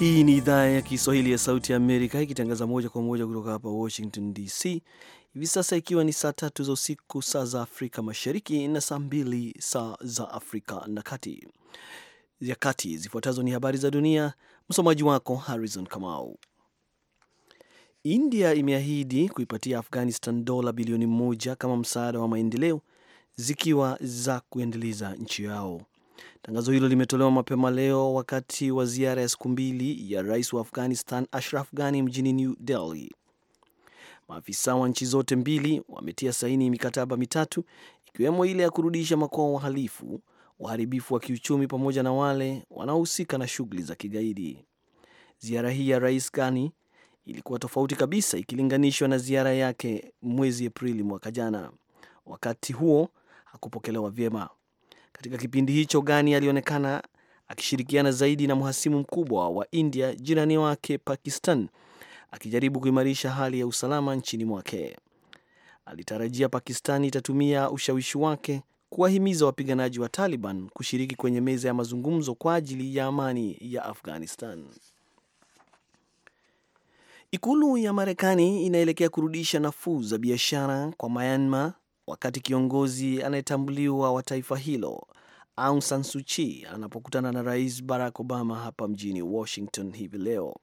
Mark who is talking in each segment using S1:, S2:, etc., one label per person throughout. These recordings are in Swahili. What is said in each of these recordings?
S1: Hii ni idhaa ya Kiswahili ya Sauti ya Amerika ikitangaza moja kwa moja kutoka hapa Washington DC, hivi sasa ikiwa ni saa tatu za usiku saa za Afrika Mashariki na saa mbili saa za Afrika na kati ya kati. Zifuatazo ni habari za dunia, msomaji wako Harrison Kamau. India imeahidi kuipatia Afghanistan dola bilioni moja kama msaada wa maendeleo, zikiwa za kuendeleza nchi yao. Tangazo hilo limetolewa mapema leo wakati wa ziara ya siku mbili ya rais wa Afghanistan Ashraf Ghani mjini New Delhi. Maafisa wa nchi zote mbili wametia saini mikataba mitatu ikiwemo ile ya kurudisha makwao wahalifu, waharibifu wa kiuchumi pamoja na wale wanaohusika na shughuli za kigaidi. Ziara hii ya rais Ghani ilikuwa tofauti kabisa ikilinganishwa na ziara yake mwezi Aprili mwaka jana. Wakati huo hakupokelewa vyema. Katika kipindi hicho, Gani alionekana akishirikiana zaidi na mhasimu mkubwa wa India, jirani wake Pakistan, akijaribu kuimarisha hali ya usalama nchini mwake. Alitarajia Pakistan itatumia ushawishi wake kuwahimiza wapiganaji wa Taliban kushiriki kwenye meza ya mazungumzo kwa ajili ya amani ya Afghanistan. Ikulu ya Marekani inaelekea kurudisha nafuu za biashara kwa Myanmar wakati kiongozi anayetambuliwa wa taifa hilo Aung San Suu Kyi anapokutana na Rais Barack Obama hapa mjini Washington hivi leo.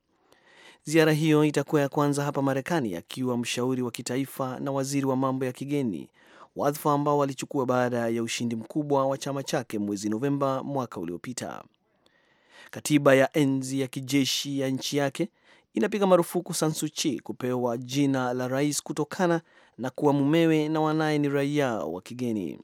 S1: Ziara hiyo itakuwa ya kwanza hapa Marekani akiwa mshauri wa kitaifa na waziri wa mambo ya kigeni, wadhifa ambao walichukua baada ya ushindi mkubwa wa chama chake mwezi Novemba mwaka uliopita. Katiba ya enzi ya kijeshi ya nchi yake inapiga marufuku Sansuchi kupewa jina la rais kutokana na kuwa mumewe na wanaye ni raia wa kigeni.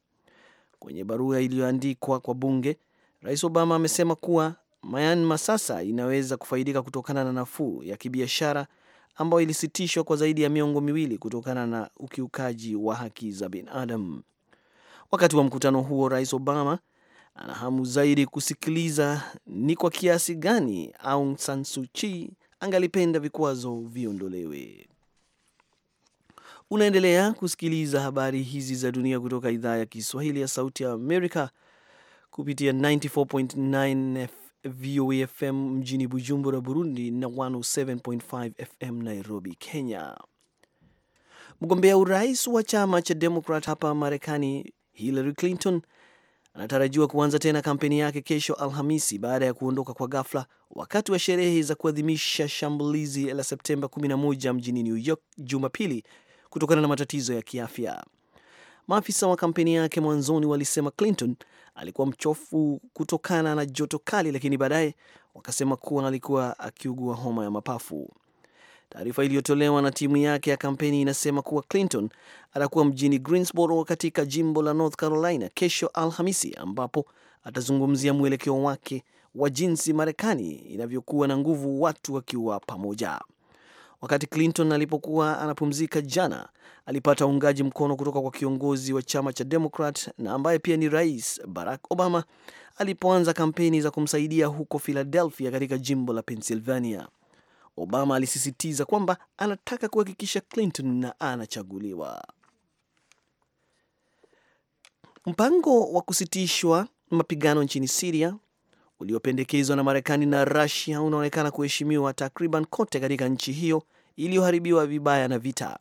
S1: Kwenye barua iliyoandikwa kwa bunge, Rais Obama amesema kuwa Myanmar sasa inaweza kufaidika kutokana na nafuu ya kibiashara ambayo ilisitishwa kwa zaidi ya miongo miwili kutokana na ukiukaji wa haki za binadamu. Wakati wa mkutano huo, Rais Obama ana hamu zaidi kusikiliza ni kwa kiasi gani Aung San Suu Kyi angalipenda vikwazo viondolewe. Unaendelea kusikiliza habari hizi za dunia kutoka idhaa ya Kiswahili ya Sauti ya Amerika kupitia 94.9 VOA FM mjini Bujumbura, Burundi na 107.5 FM Nairobi, Kenya. Mgombea urais wa chama cha Demokrat hapa Marekani Hillary Clinton anatarajiwa kuanza tena kampeni yake kesho Alhamisi baada ya kuondoka kwa ghafla wakati wa sherehe za kuadhimisha shambulizi la Septemba 11 mjini New York Jumapili kutokana na matatizo ya kiafya. Maafisa wa kampeni yake mwanzoni walisema Clinton alikuwa mchofu kutokana na joto kali, lakini baadaye wakasema kuwa alikuwa akiugua homa ya mapafu. Taarifa iliyotolewa na timu yake ya kampeni inasema kuwa Clinton atakuwa mjini Greensboro katika jimbo la North Carolina kesho Alhamisi, ambapo atazungumzia mwelekeo wake wa jinsi Marekani inavyokuwa na nguvu watu wakiwa pamoja. Wakati Clinton alipokuwa anapumzika jana, alipata uungaji mkono kutoka kwa kiongozi wa chama cha Demokrat na ambaye pia ni rais Barack Obama alipoanza kampeni za kumsaidia huko Philadelphia katika jimbo la Pennsylvania. Obama alisisitiza kwamba anataka kuhakikisha Clinton na anachaguliwa. Mpango wa kusitishwa mapigano nchini Siria uliopendekezwa na Marekani na Rusia unaonekana kuheshimiwa takriban kote katika nchi hiyo iliyoharibiwa vibaya na vita,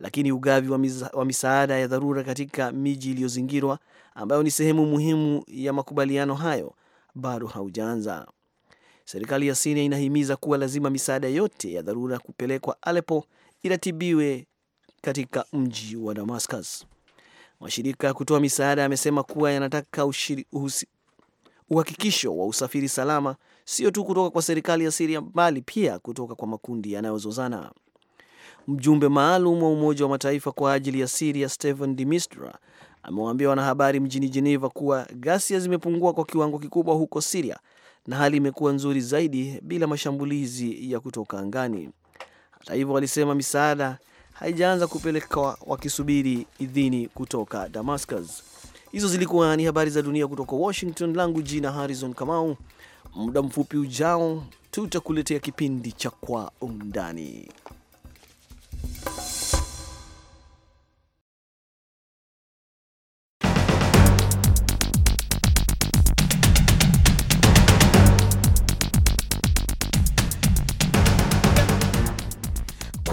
S1: lakini ugavi wa, misa, wa misaada ya dharura katika miji iliyozingirwa ambayo ni sehemu muhimu ya makubaliano hayo bado haujaanza. Serikali ya Siria inahimiza kuwa lazima misaada yote ya dharura kupelekwa Aleppo iratibiwe katika mji wa Damascus. Mashirika ya kutoa misaada yamesema kuwa yanataka ushiri, uhusi, uhakikisho wa usafiri salama sio tu kutoka kwa serikali ya Siria bali pia kutoka kwa makundi yanayozozana. Mjumbe maalum wa Umoja wa Mataifa kwa ajili ya Siria Stephen de Mistura amewaambia wanahabari mjini Geneva kuwa ghasia zimepungua kwa kiwango kikubwa huko Siria na hali imekuwa nzuri zaidi bila mashambulizi ya kutoka angani. Hata hivyo, walisema misaada haijaanza kupelekwa wakisubiri idhini kutoka Damascus. Hizo zilikuwa ni habari za dunia kutoka Washington. Langu jina Harrison Kamau. Muda mfupi ujao tutakuletea kipindi cha Kwa Undani.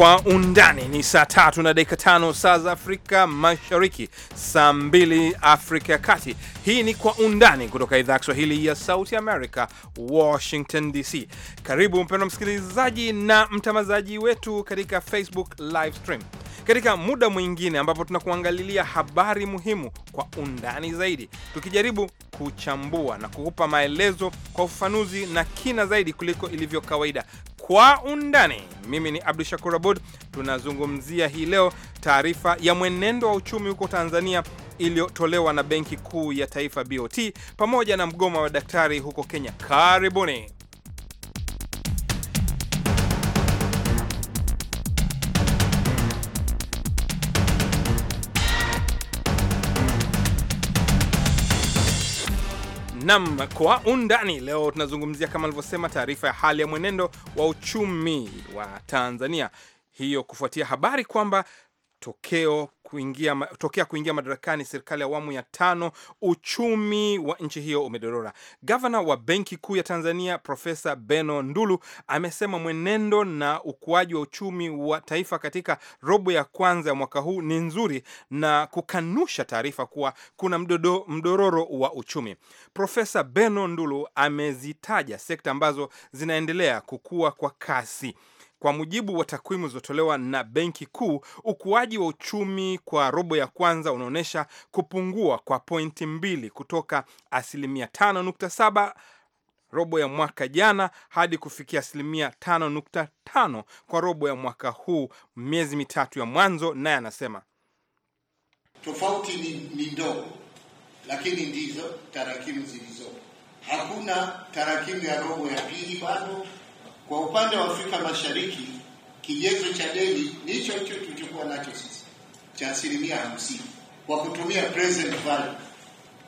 S2: Kwa undani ni saa tatu na dakika tano saa za Afrika Mashariki, saa mbili Afrika ya Kati. Hii ni Kwa Undani kutoka idhaa ya Kiswahili ya Sauti America, Washington DC. Karibu mpendwa msikilizaji na mtamazaji wetu katika Facebook live stream, katika muda mwingine ambapo tunakuangalilia habari muhimu kwa undani zaidi, tukijaribu kuchambua na kukupa maelezo kwa ufafanuzi na kina zaidi kuliko ilivyo kawaida, kwa Undani. Mimi ni Abdu Shakur Abud. Tunazungumzia hii leo taarifa ya mwenendo wa uchumi huko Tanzania iliyotolewa na Benki Kuu ya Taifa BOT, pamoja na mgomo wa daktari huko Kenya. Karibuni. Nam kwa undani leo tunazungumzia kama alivyosema taarifa ya hali ya mwenendo wa uchumi wa Tanzania hiyo kufuatia habari kwamba tokeo kuingia, tokea kuingia madarakani serikali ya awamu ya tano, uchumi wa nchi hiyo umedorora. Gavana wa Benki Kuu ya Tanzania Profesa Beno Ndulu amesema mwenendo na ukuaji wa uchumi wa taifa katika robo ya kwanza ya mwaka huu ni nzuri na kukanusha taarifa kuwa kuna mdodo, mdororo wa uchumi. Profesa Beno Ndulu amezitaja sekta ambazo zinaendelea kukua kwa kasi. Kwa mujibu wa takwimu zilizotolewa na Benki Kuu, ukuaji wa uchumi kwa robo ya kwanza unaonyesha kupungua kwa pointi mbili kutoka asilimia 5.7 robo ya mwaka jana hadi kufikia asilimia nukta tano kwa robo ya mwaka huu, miezi mitatu ya mwanzo. Naye anasema
S3: tofauti ni, ni ndogo, lakini ndizo tarakimu zilizopo. Hakuna tarakimu ya robo ya pili bado kwa upande wa Afrika Mashariki, kigezo cha deni ni hicho hicho tulichokuwa nacho sisi cha asilimia hamsini kwa kutumia present value.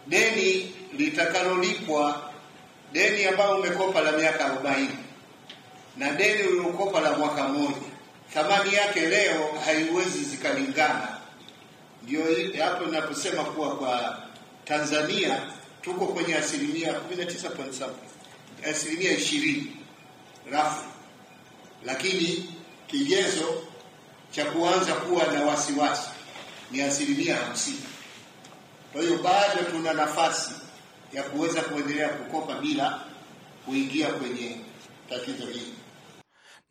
S3: Deni litakalolipwa, deni ambayo umekopa la miaka 40 na deni uliokopa la mwaka mmoja, thamani yake leo haiwezi zikalingana. Ndio hapo ninaposema kuwa kwa Tanzania tuko kwenye asilimia 19.7 asilimia 20 rafu, lakini kigezo cha kuanza kuwa na wasiwasi ni asilimia hamsini. Kwa hiyo bado tuna nafasi ya kuweza kuendelea kukopa bila kuingia kwenye tatizo hili.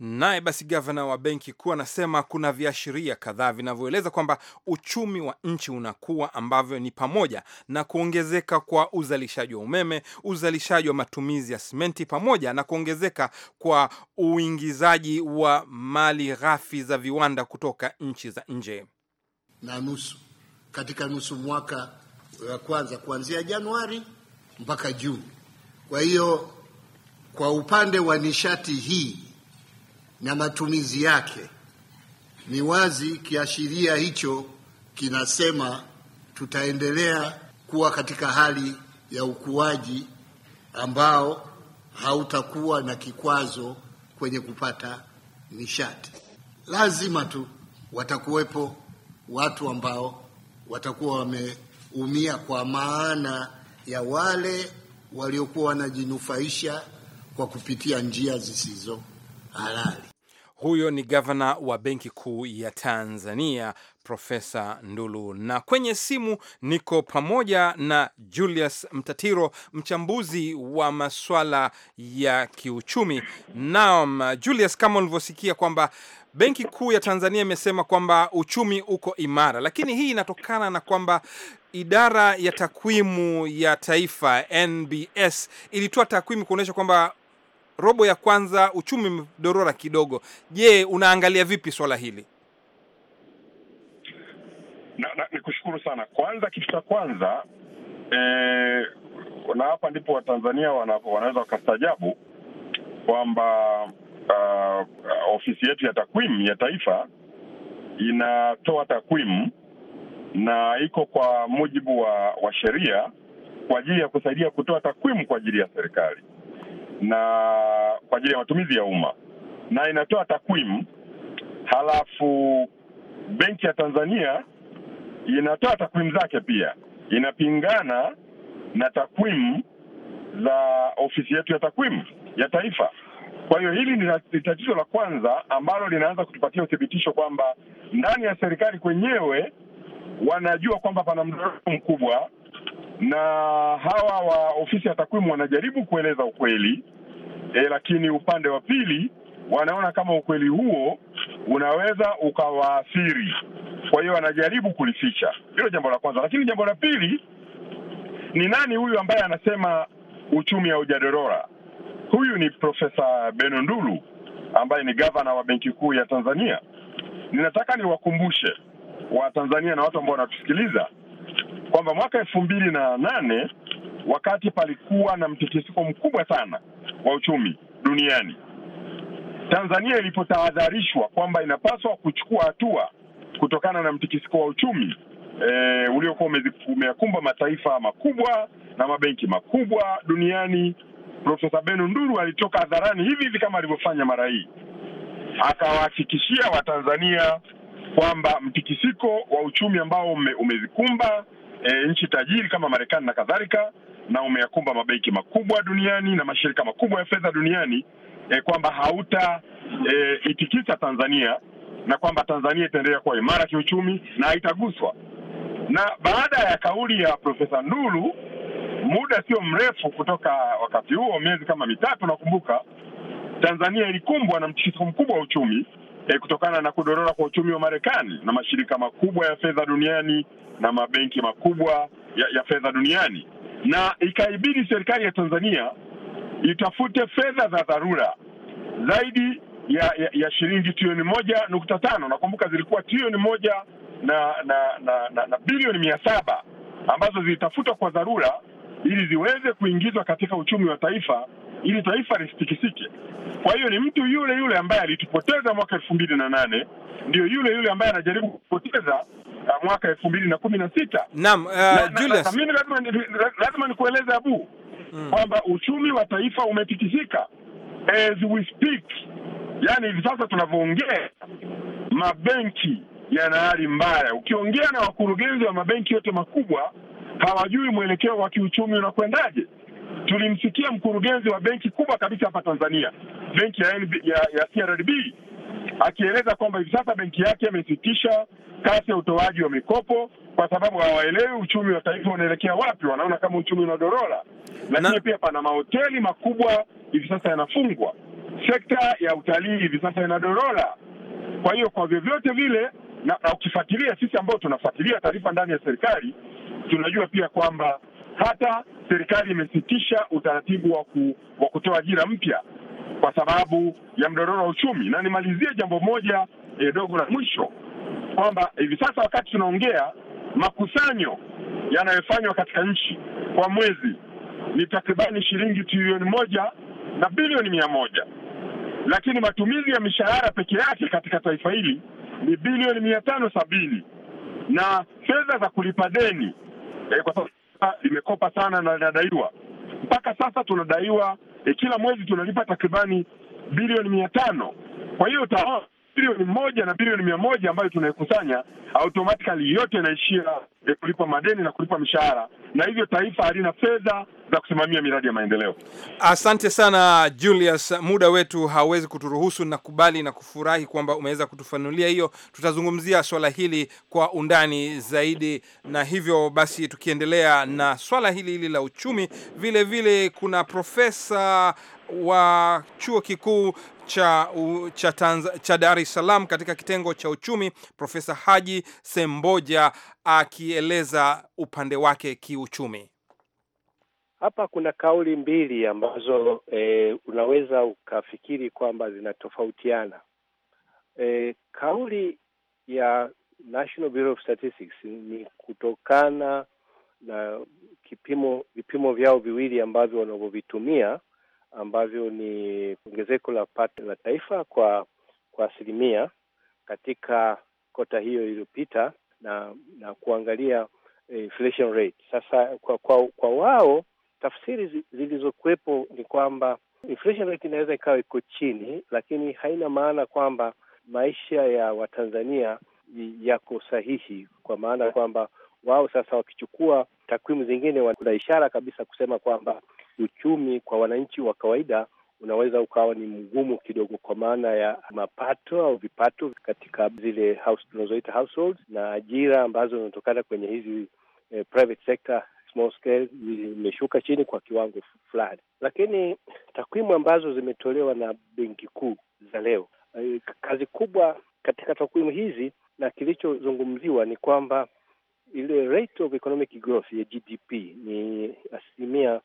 S2: Naye basi gavana wa benki kuu anasema kuna viashiria kadhaa vinavyoeleza kwamba uchumi wa nchi unakuwa, ambavyo ni pamoja na kuongezeka kwa uzalishaji wa umeme, uzalishaji wa matumizi ya simenti, pamoja na kuongezeka kwa uingizaji wa mali ghafi za viwanda kutoka nchi za nje
S3: na nusu katika nusu mwaka wa kwanza kuanzia Januari mpaka Juni. Kwa hiyo kwa upande wa nishati hii na matumizi yake. Ni wazi kiashiria hicho kinasema tutaendelea kuwa katika hali ya ukuaji ambao hautakuwa na kikwazo kwenye kupata nishati. Lazima tu watakuwepo watu ambao watakuwa wameumia, kwa maana ya wale waliokuwa wanajinufaisha kwa kupitia njia zisizo halali. Huyo ni
S2: gavana wa Benki Kuu ya Tanzania Profesa Ndulu. Na kwenye simu niko pamoja na Julius Mtatiro, mchambuzi wa maswala ya kiuchumi. Naam, Julius, kama ulivyosikia kwamba Benki Kuu ya Tanzania imesema kwamba uchumi uko imara, lakini hii inatokana na kwamba idara ya takwimu ya taifa NBS ilitoa takwimu kuonyesha kwamba robo ya kwanza uchumi umedorora kidogo. Je,
S4: unaangalia
S2: vipi swala hili?
S4: Nikushukuru sana. Kwanza, kitu cha kwanza eh, na hapa ndipo Watanzania wanaweza wakastajabu kwamba uh, ofisi yetu ya takwimu ya taifa inatoa takwimu na iko kwa mujibu wa, wa sheria kwa ajili ya kusaidia kutoa takwimu kwa ajili ya serikali na kwa ajili ya matumizi ya umma na inatoa takwimu, halafu benki ya Tanzania inatoa takwimu zake pia, inapingana na takwimu za ofisi yetu ya takwimu ya taifa. Kwa hiyo hili ni tatizo la kwanza ambalo linaanza kutupatia uthibitisho kwamba ndani ya serikali kwenyewe wanajua kwamba pana mdororo mkubwa na hawa wa ofisi ya takwimu wanajaribu kueleza ukweli e, lakini upande wa pili wanaona kama ukweli huo unaweza ukawaathiri, kwa hiyo wanajaribu kulificha. Hilo jambo la kwanza, lakini jambo la pili ni nani huyu ambaye anasema uchumi haujadorora? Huyu ni Profesa benondulu ambaye ni gavana wa Benki Kuu ya Tanzania. Ninataka niwakumbushe Watanzania na watu ambao wanatusikiliza kwamba mwaka elfu mbili na nane wakati palikuwa na mtikisiko mkubwa sana wa uchumi duniani, Tanzania ilipotahadharishwa kwamba inapaswa kuchukua hatua kutokana na mtikisiko wa uchumi e, uliokuwa umeyakumba mataifa makubwa na mabenki makubwa duniani, Profesa benu Nduru alitoka hadharani hivi hivi kama alivyofanya mara hii, akawahakikishia Watanzania kwamba mtikisiko wa uchumi ambao umezikumba e, nchi tajiri kama Marekani na kadhalika, na umeyakumba mabenki makubwa duniani na mashirika makubwa ya fedha duniani e, kwamba hauta e, itikisa Tanzania na kwamba Tanzania itaendelea kuwa imara kiuchumi na haitaguswa. Na baada ya kauli ya Profesa Ndulu, muda sio mrefu kutoka wakati huo, miezi kama mitatu, nakumbuka Tanzania ilikumbwa na mtikisiko mkubwa wa uchumi e, kutokana na kudorora kwa uchumi wa Marekani na mashirika makubwa ya fedha duniani na mabenki makubwa ya, ya fedha duniani, na ikaibidi serikali ya Tanzania itafute fedha za dharura zaidi ya, ya, ya shilingi trilioni moja nukta tano. Nakumbuka zilikuwa trilioni moja na na, na, na, na bilioni mia saba ambazo zilitafutwa kwa dharura ili ziweze kuingizwa katika uchumi wa taifa ili taifa lisitikisike. Kwa hiyo ni mtu yule yule ambaye alitupoteza mwaka elfu mbili na nane ndio yule yule ambaye anajaribu kupoteza uh, mwaka elfu mbili na kumi na sita. Naam, uh, Julius, mimi lazima nikueleze Abu mm. kwamba uchumi wa taifa umetikisika as we speak, yani hivi sasa tunavyoongea mabenki yana hali mbaya. Ukiongea na wakurugenzi wa mabenki yote makubwa hawajui mwelekeo wa kiuchumi unakwendaje tulimsikia mkurugenzi wa benki kubwa kabisa hapa Tanzania, benki ya, NB, ya, ya CRDB akieleza kwamba hivi sasa benki yake imesitisha kasi ya utoaji wa mikopo kwa sababu hawaelewi uchumi wa taifa unaelekea wapi. Wanaona kama uchumi unadorora, lakini pia pana mahoteli makubwa hivi sasa yanafungwa, sekta ya utalii hivi sasa inadorora. Kwa hiyo kwa vyovyote vile na, na ukifuatilia, sisi ambao tunafuatilia taarifa ndani ya serikali tunajua pia kwamba hata serikali imesitisha utaratibu wa, ku, wa kutoa ajira mpya kwa sababu ya mdororo wa uchumi. Na nimalizie jambo moja eh, dogo la mwisho kwamba hivi eh, sasa wakati tunaongea makusanyo yanayofanywa katika nchi kwa mwezi ni takribani shilingi trilioni moja na bilioni mia moja lakini matumizi ya mishahara peke yake katika taifa hili ni bilioni mia tano sabini na fedha za kulipa deni eh, kwa sababu limekopa, limekopa sana na linadaiwa mpaka sasa tunadaiwa e, kila mwezi tunalipa takribani bilioni mia tano. Kwa hiyo ta oh, bilioni moja na bilioni mia moja ambayo tunaikusanya automatikali yote inaishia e, kulipa madeni na kulipa mishahara, na hivyo taifa halina fedha za kusimamia miradi ya maendeleo.
S2: Asante sana Julius, muda wetu hawezi kuturuhusu. Nakubali na kufurahi kwamba umeweza kutufanulia hiyo. Tutazungumzia swala hili kwa undani zaidi, na hivyo basi tukiendelea na swala hili hili la uchumi, vile vile kuna profesa wa chuo kikuu cha, cha, cha Dar es Salaam katika kitengo cha uchumi Profesa Haji Semboja akieleza upande wake kiuchumi.
S5: Hapa kuna kauli mbili ambazo e, unaweza ukafikiri kwamba zinatofautiana. E, kauli ya National Bureau of Statistics ni kutokana na kipimo vipimo vyao viwili ambavyo wanavyovitumia ambavyo ni ongezeko la pato la taifa kwa kwa asilimia katika kota hiyo iliyopita na na kuangalia eh, inflation rate. Sasa kwa, kwa, kwa wao tafsiri zilizokuwepo ni kwamba inflation rate inaweza ikawa iko chini, lakini haina maana kwamba maisha ya Watanzania yako sahihi, kwa maana kwamba wao sasa wakichukua takwimu zingine, kuna ishara kabisa kusema kwamba uchumi kwa wananchi wa kawaida unaweza ukawa ni mgumu kidogo, kwa maana ya mapato au vipato katika zile house tunazoita households na ajira ambazo zinatokana kwenye hizi eh, private sector small scale zimeshuka chini kwa kiwango fulani, lakini takwimu ambazo zimetolewa na benki kuu za leo, eh, kazi kubwa katika takwimu hizi na kilichozungumziwa ni kwamba ile rate of economic growth ya GDP ni asilimia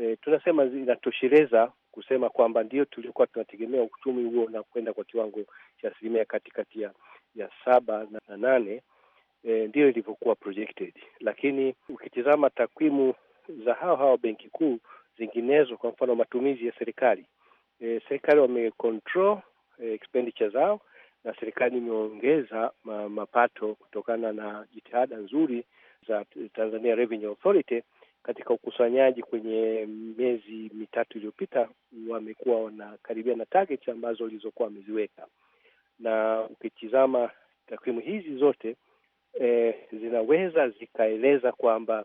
S5: e, tunasema zinatosheleza kusema kwamba ndio tuliokuwa tunategemea uchumi huo na kwenda kwa kiwango cha asilimia katikati ya, ya saba na nane e, eh, ndiyo ilivyokuwa projected, lakini ukitizama takwimu za hao hao benki kuu zinginezo, kwa mfano matumizi ya serikali e, serikali wamecontrol e, eh, expenditure zao na serikali imeongeza ma, mapato kutokana na jitihada nzuri za Tanzania Revenue Authority katika ukusanyaji kwenye miezi mitatu iliyopita, wamekuwa wanakaribia na targets ambazo walizokuwa wameziweka, na ukitizama takwimu hizi zote eh, zinaweza zikaeleza kwamba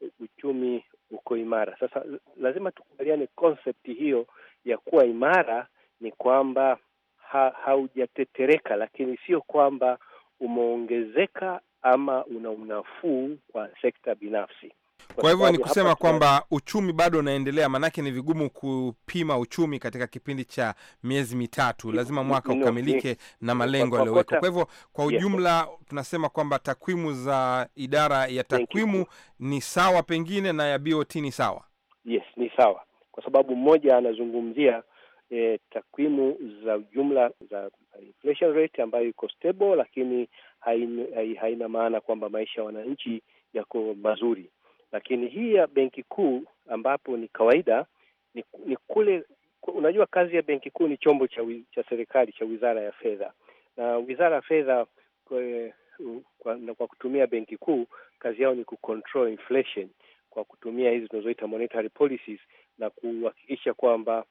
S5: eh, uchumi uko imara. Sasa lazima tukubaliane konsepti hiyo ya kuwa imara ni kwamba ha, haujatetereka, lakini sio kwamba umeongezeka ama una unafuu kwa sekta binafsi.
S2: Kwa hivyo ni kusema kwamba uchumi bado unaendelea, maanake ni vigumu kupima uchumi katika kipindi cha miezi mitatu, lazima mwaka ukamilike na malengo yaliyowekwa. Kwa hivyo kwa ujumla, tunasema kwamba takwimu za idara ya takwimu ni sawa, pengine na ya BOT ni sawa. Yes, ni sawa,
S5: kwa sababu mmoja anazungumzia eh, takwimu za jumla za inflation rate ambayo iko stable, lakini haina, haina maana kwamba maisha ya wananchi yako mazuri lakini hii ya benki kuu ambapo ni kawaida ni, ni kule unajua, kazi ya benki kuu ni chombo cha, cha serikali cha wizara ya fedha na wizara ya fedha kwa, kwa kutumia benki kuu kazi yao ni kucontrol inflation kwa kutumia hizi tunazoita monetary policies na kuhakikisha kwamba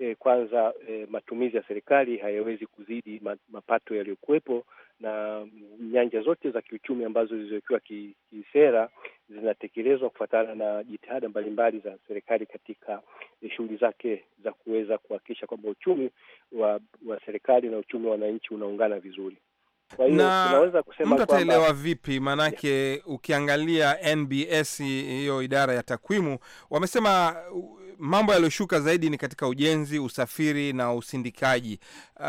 S5: e, kwanza e, matumizi ya serikali hayawezi kuzidi mapato yaliyokuwepo, na nyanja zote za kiuchumi ambazo zilizowekiwa kisera zinatekelezwa kufuatana na jitihada mbalimbali za serikali katika e, shughuli zake za kuweza kuhakikisha kwamba uchumi wa, wa serikali na uchumi wa wananchi unaungana vizuri.
S2: Kwa hiyo tunaweza kusema mtu ataelewa vipi? Maanake ukiangalia NBS hiyo idara ya takwimu wamesema mambo yaliyoshuka zaidi ni katika ujenzi, usafiri na usindikaji. Uh,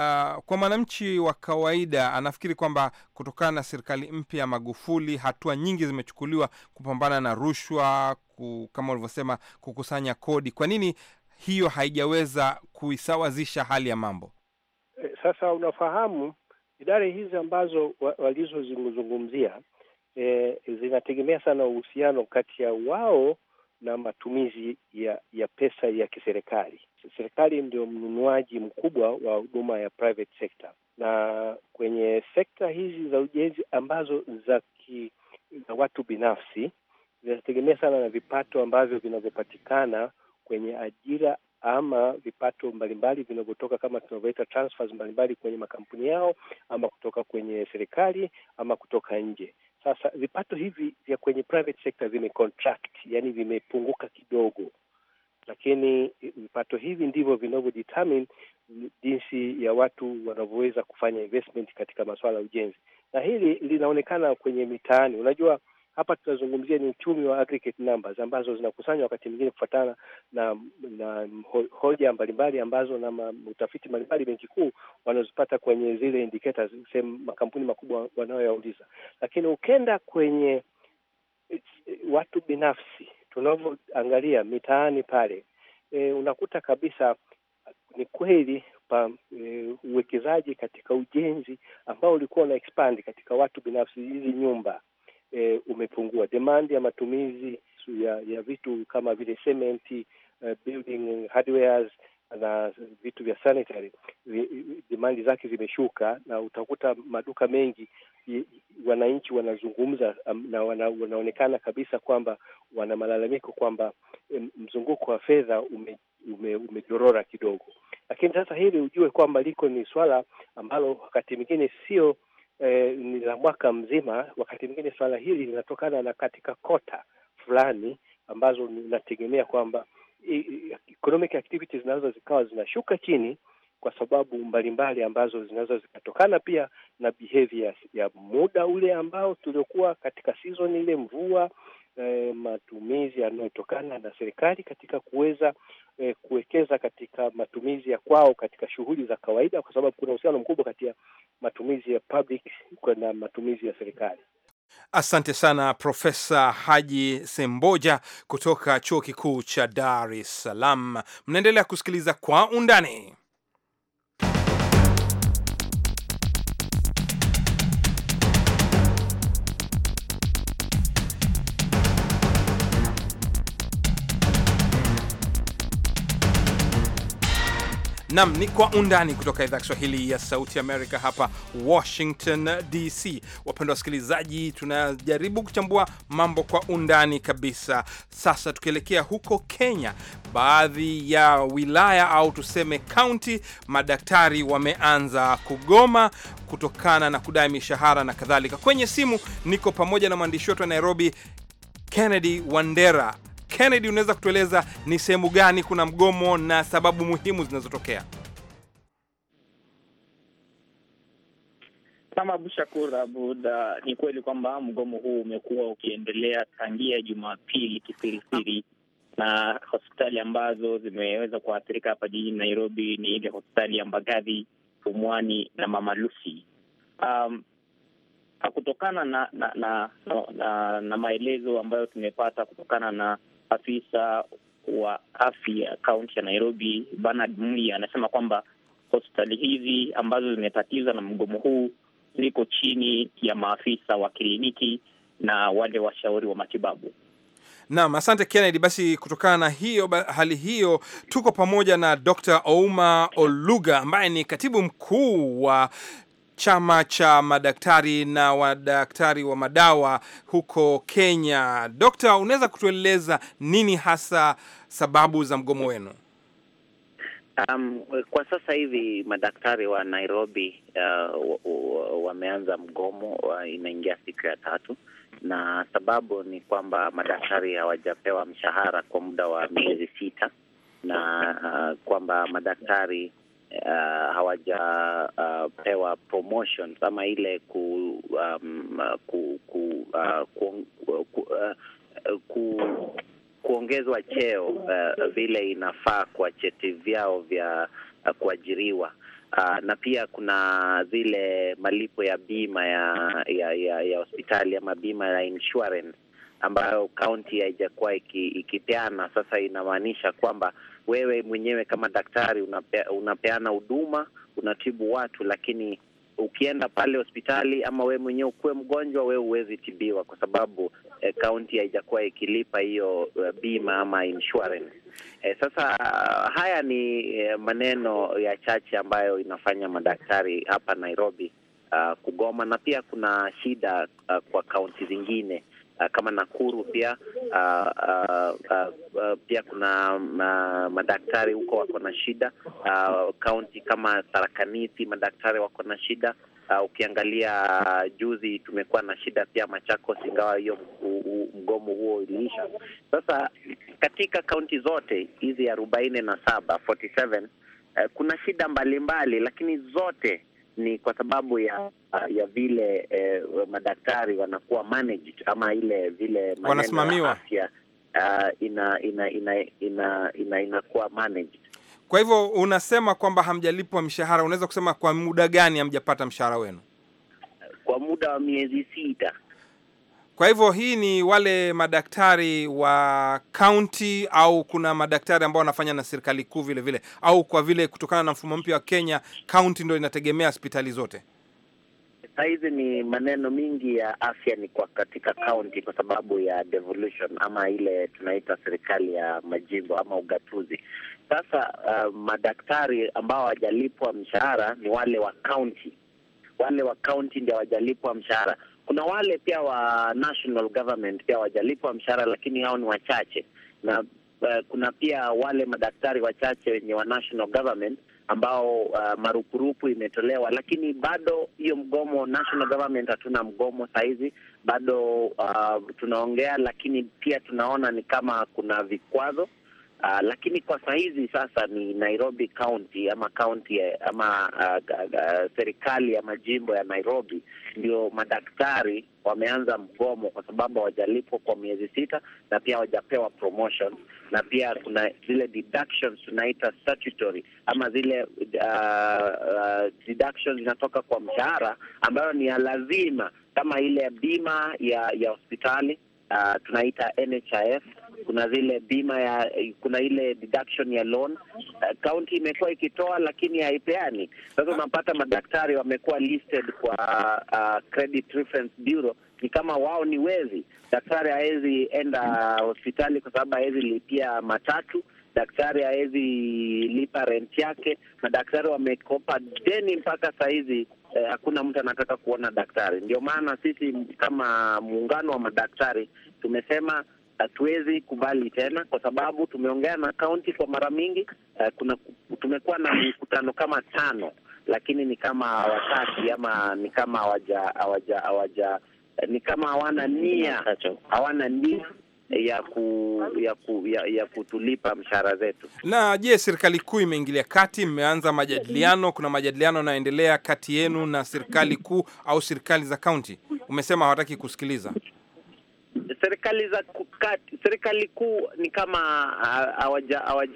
S2: kwa mwananchi wa kawaida anafikiri kwamba kutokana na serikali mpya ya Magufuli hatua nyingi zimechukuliwa kupambana na rushwa, kama ulivyosema, kukusanya kodi. Kwa nini hiyo haijaweza kuisawazisha hali ya mambo?
S5: Eh, sasa unafahamu idara hizi ambazo walizozungumzia e, zinategemea sana uhusiano kati ya wao na matumizi ya ya pesa ya kiserikali. Serikali ndio mnunuaji mkubwa wa huduma ya private sector, na kwenye sekta hizi za ujenzi ambazo za ki, za watu binafsi zinategemea sana na vipato ambavyo vinavyopatikana kwenye ajira ama vipato mbalimbali vinavyotoka kama tunavyoita transfers mbalimbali kwenye makampuni yao ama kutoka kwenye serikali ama kutoka nje. Sasa vipato hivi vya kwenye private sector vimecontract, yani vimepunguka kidogo, lakini vipato hivi ndivyo vinavyodetermine jinsi ya watu wanavyoweza kufanya investment katika masuala ya ujenzi, na hili linaonekana kwenye mitaani. Unajua, hapa tutazungumzia ni uchumi wa aggregate numbers ambazo zinakusanywa wakati mwingine kufuatana na, na hoja mbalimbali ambazo na utafiti mbalimbali benki kuu wanazipata kwenye zile indicators, sehemu makampuni makubwa wanayoyauliza. Lakini ukenda kwenye watu binafsi, tunavyoangalia mitaani pale e, unakuta kabisa ni kweli e, uwekezaji e, katika ujenzi ambao ulikuwa una expand katika watu binafsi, hizi nyumba e, umepungua. Demand ya matumizi ya, ya vitu kama vile sementi, uh, eh, building hardwares na vitu vya sanitary demandi zake zimeshuka, na utakuta maduka mengi wananchi wanazungumza na wana, wanaonekana kabisa kwamba wana malalamiko kwamba mzunguko wa fedha umedorora ume, ume kidogo. Lakini sasa hili ujue kwamba liko ni swala ambalo wakati mwingine sio eh, ni la mwaka mzima. Wakati mwingine suala hili linatokana na katika kota fulani ambazo inategemea kwamba economic activities zinaweza zikawa zinashuka chini kwa sababu mbalimbali mbali ambazo zinaweza zikatokana pia na behavior ya muda ule ambao tuliokuwa katika season ile, mvua eh, matumizi yanayotokana na serikali katika kuweza eh, kuwekeza katika matumizi ya kwao katika shughuli za kawaida, kwa sababu kuna uhusiano mkubwa kati ya matumizi ya public na matumizi ya serikali.
S2: Asante sana Profesa Haji Semboja kutoka Chuo Kikuu cha Dar es Salaam. Mnaendelea kusikiliza Kwa Undani. Nam ni kwa undani kutoka idhaa ya Kiswahili ya Sauti Amerika hapa Washington DC. Wapendwa wasikilizaji, tunajaribu kuchambua mambo kwa undani kabisa. Sasa tukielekea huko Kenya, baadhi ya wilaya au tuseme kaunti, madaktari wameanza kugoma kutokana na kudai mishahara na kadhalika. Kwenye simu niko pamoja na mwandishi wetu wa Nairobi Kennedy Wandera Kennedy, unaweza kutueleza ni sehemu gani kuna mgomo na sababu muhimu zinazotokea?
S6: Kama Abu Abud, ah, ni kweli kwamba mgomo huu umekuwa ukiendelea tangia Jumapili kisirisiri na hospitali ambazo zimeweza kuathirika hapa jijini Nairobi ni ile hospitali ya Mbagathi, Pumwani na Mama Lucy. Um, kutokana na na na, na, na, na maelezo ambayo tumepata kutokana na afisa wa afya kaunti ya Nairobi, Bernard Muya, anasema kwamba hospitali hizi ambazo zimetatiza na mgomo huu ziko chini ya maafisa wa kliniki na wale washauri wa matibabu.
S2: Naam, asante Kennedy. Basi kutokana na hiyo hali hiyo, tuko pamoja na Dr. Ouma Oluga ambaye ni katibu mkuu wa chama cha madaktari na wadaktari wa madawa huko Kenya. Dokta, unaweza kutueleza nini hasa sababu za mgomo wenu?
S7: Um, kwa sasa hivi madaktari wa Nairobi uh, wameanza mgomo wa inaingia siku ya tatu, na sababu ni kwamba madaktari hawajapewa mshahara kwa muda wa miezi sita na uh, kwamba madaktari uh, hawajapewa uh, promotions ama ile ku, um, ku, ku, uh, ku, ku, uh, ku kuongezwa cheo uh, vile inafaa kwa cheti vyao vya uh, kuajiriwa. Uh, na pia kuna zile malipo ya bima ya ya, ya, ya hospitali ama bima ya insurance ambayo kaunti haijakuwa ikipeana. Sasa inamaanisha kwamba wewe mwenyewe kama daktari unapea, unapeana huduma, unatibu watu, lakini ukienda pale hospitali ama wewe mwenyewe ukuwe mgonjwa, wewe huwezi tibiwa kwa sababu eh, kaunti eh, haijakuwa ikilipa hiyo uh, bima ama insurance. Eh, sasa haya ni eh, maneno ya chache ambayo inafanya madaktari hapa Nairobi uh, kugoma na pia kuna shida uh, kwa kaunti zingine uh, kama Nakuru pia uh, uh, uh, uh, pia kuna uh, madaktari huko wako na shida kaunti uh, kama Tharakanithi madaktari wako na shida. Uh, ukiangalia juzi tumekuwa na shida pia Machakos, ingawa hiyo mgomo huo uliisha Sasa katika kaunti zote hizi arobaini na saba 47 uh, eh, kuna shida mbalimbali mbali, lakini zote ni kwa sababu ya ya vile eh, madaktari wanakuwa managed ama ile vile wanasimamiwa afya uh, ina ina ina ina ina managed.
S2: Kwa hivyo unasema kwamba hamjalipwa mshahara, unaweza kusema kwa muda gani hamjapata mshahara wenu? Kwa muda wa miezi sita. Kwa hivyo hii ni wale madaktari wa kaunti au kuna madaktari ambao wanafanya na serikali kuu vile vile, au kwa vile kutokana na mfumo mpya wa Kenya kaunti ndio inategemea hospitali zote?
S7: Saa hizi ni maneno mingi ya afya ni kwa katika kaunti kwa sababu ya devolution ama ile tunaita serikali ya majimbo ama ugatuzi. Sasa uh, madaktari ambao hawajalipwa mshahara ni wale wa kaunti, wale wa kaunti ndio hawajalipwa mshahara. Kuna wale pia wa national government pia wajalipwa mshahara, lakini hao ni wachache, na uh, kuna pia wale madaktari wachache wenye wa national government ambao uh, marupurupu imetolewa, lakini bado hiyo mgomo national government, hatuna mgomo sahizi bado. Uh, tunaongea, lakini pia tunaona ni kama kuna vikwazo Uh, lakini kwa sahizi sasa ni Nairobi County ama county ama uh, uh, serikali ya majimbo ya Nairobi ndio madaktari wameanza mgomo kwa sababu hawajalipwa kwa miezi sita, na pia hawajapewa promotion, na pia kuna zile deductions tunaita statutory ama zile uh, uh, deductions zinatoka kwa mshahara ambayo ni ya lazima kama ile bima ya ya hospitali uh, tunaita NHIF kuna zile bima ya kuna ile deduction ya loan kaunti eh, uh, imekuwa ikitoa lakini haipeani. Sasa unapata madaktari wamekuwa listed kwa uh, Credit Reference Bureau, ni kama wao ni wezi. Daktari hawezi enda hospitali kwa sababu hawezi lipia matatu daktari hawezi lipa renti yake. Madaktari wamekopa deni mpaka sahizi, eh, hakuna eh, mtu anataka kuona daktari. Ndio maana sisi kama muungano wa madaktari tumesema hatuwezi kubali tena, kwa sababu tumeongea na kaunti kwa mara mingi. Uh, kuna tumekuwa na mikutano kama tano, lakini ni kama hawataki ama ni kama hawaja hawaja hawaja eh, ni kama hawana nia hawana nia ya ku, ya, ku, ya, ya kutulipa mshahara zetu.
S2: Na je, serikali kuu imeingilia kati? Mmeanza majadiliano? Kuna majadiliano yanayoendelea kati yenu na serikali kuu au serikali za kaunti? Umesema hawataki kusikiliza
S7: serikali za kukati, serikali kuu ni kama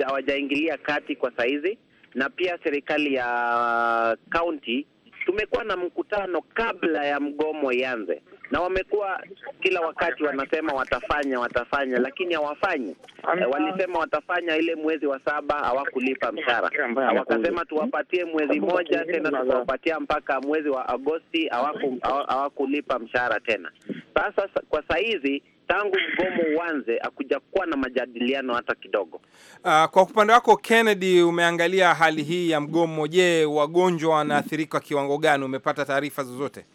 S7: hawajaingilia kati kwa saizi, na pia serikali ya kaunti tumekuwa na mkutano kabla ya mgomo ianze, na wamekuwa kila wakati wanasema watafanya watafanya, lakini hawafanyi. E, walisema watafanya ile mwezi wa saba, hawakulipa mshahara. Wakasema tuwapatie mwezi moja tena, tukawapatia mpaka mwezi wa Agosti, hawakulipa mshahara tena. Sasa kwa saizi tangu mgomo uanze akuja kuwa na majadiliano hata kidogo.
S2: Uh, kwa upande wako Kennedy, umeangalia hali hii ya mgomo. Je, wagonjwa wanaathirika kiwango gani? Umepata taarifa zozote?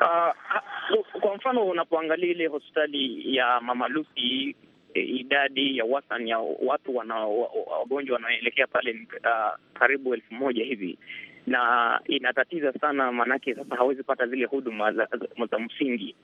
S6: Uh, kwa mfano unapoangalia ile hospitali ya Mama Lucy eh, idadi ya wastani ya watu wagonjwa wanaoelekea pale uh, karibu elfu moja hivi na inatatiza sana, maanake sasa hawezi pata zile huduma za, za, za msingi,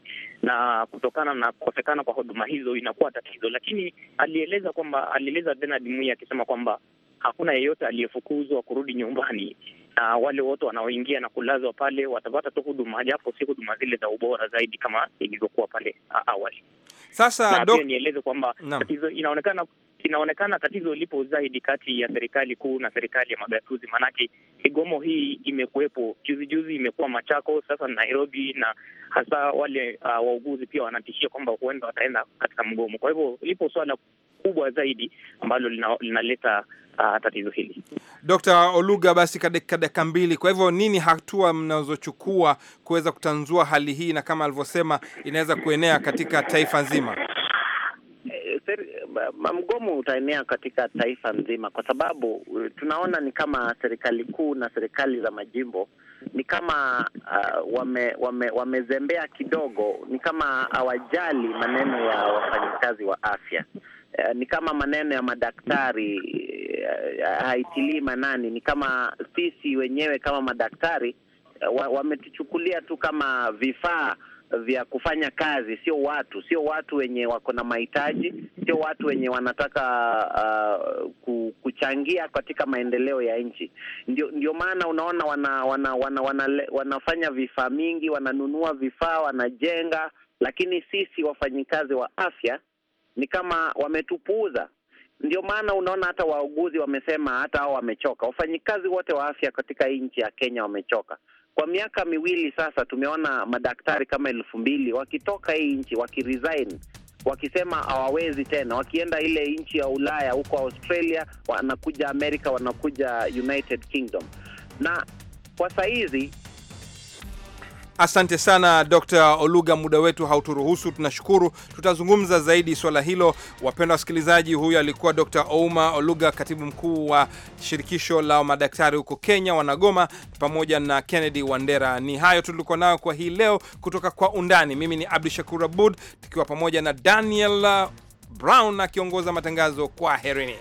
S6: na kutokana na kukosekana kwa huduma hizo inakuwa tatizo. Lakini alieleza kwamba alieleza Bernard mwia akisema kwamba hakuna yeyote aliyefukuzwa kurudi nyumbani na wale wote wanaoingia na kulazwa pale watapata tu huduma, japo si huduma zile za ubora zaidi kama ilivyokuwa pale awali. Sasa dok... nieleze kwamba tatizo inaonekana inaonekana tatizo lipo zaidi kati ya serikali kuu na serikali ya magatuzi, maanake migomo hii imekuwepo juzi juzi, imekuwa Machako, sasa Nairobi, na hasa wale uh, wauguzi pia wanatishia kwamba huenda wataenda katika mgomo. Kwa hivyo lipo suala kubwa zaidi ambalo linaleta uh, tatizo hili.
S2: Dkt. Oluga, basi katika dakika mbili, kwa hivyo nini hatua mnazochukua kuweza kutanzua hali hii, na kama alivyosema inaweza kuenea katika taifa nzima?
S7: mgomo utaenea katika taifa nzima, kwa sababu uh, tunaona ni kama serikali kuu na serikali za majimbo ni kama uh, wame, wame, wamezembea kidogo, ni kama hawajali maneno ya wafanyakazi wa afya. Uh, ni kama maneno ya madaktari uh, haitilii manani. Ni kama sisi wenyewe kama madaktari uh, wametuchukulia tu kama vifaa vya kufanya kazi, sio watu, sio watu wenye wako na mahitaji, sio watu wenye wanataka uh, kuchangia katika maendeleo ya nchi. Ndio, ndio maana unaona wana, wana, wana, wana, wanafanya vifaa mingi, wananunua vifaa, wanajenga, lakini sisi wafanyikazi wa afya ni kama wametupuuza. Ndio maana unaona hata wauguzi wamesema hata hao wamechoka, wafanyikazi wote wa afya katika nchi ya Kenya wamechoka. Kwa miaka miwili sasa tumeona madaktari kama elfu mbili wakitoka hii nchi wakiresign wakisema hawawezi tena, wakienda ile nchi ya Ulaya huko Australia, wanakuja Amerika, wanakuja United Kingdom. Na
S2: kwa sahizi Asante sana Dr. Oluga, muda wetu hauturuhusu, tunashukuru. Tutazungumza zaidi swala hilo, wapendwa wasikilizaji. Huyu alikuwa Dr. Ouma Oluga, katibu mkuu wa shirikisho la madaktari huko Kenya wanagoma, pamoja na Kennedy Wandera. Ni hayo tulikuwa nayo kwa hii leo kutoka kwa undani. Mimi ni Abdu Shakur Abud tukiwa pamoja na Daniel Brown akiongoza matangazo. Kwa herini.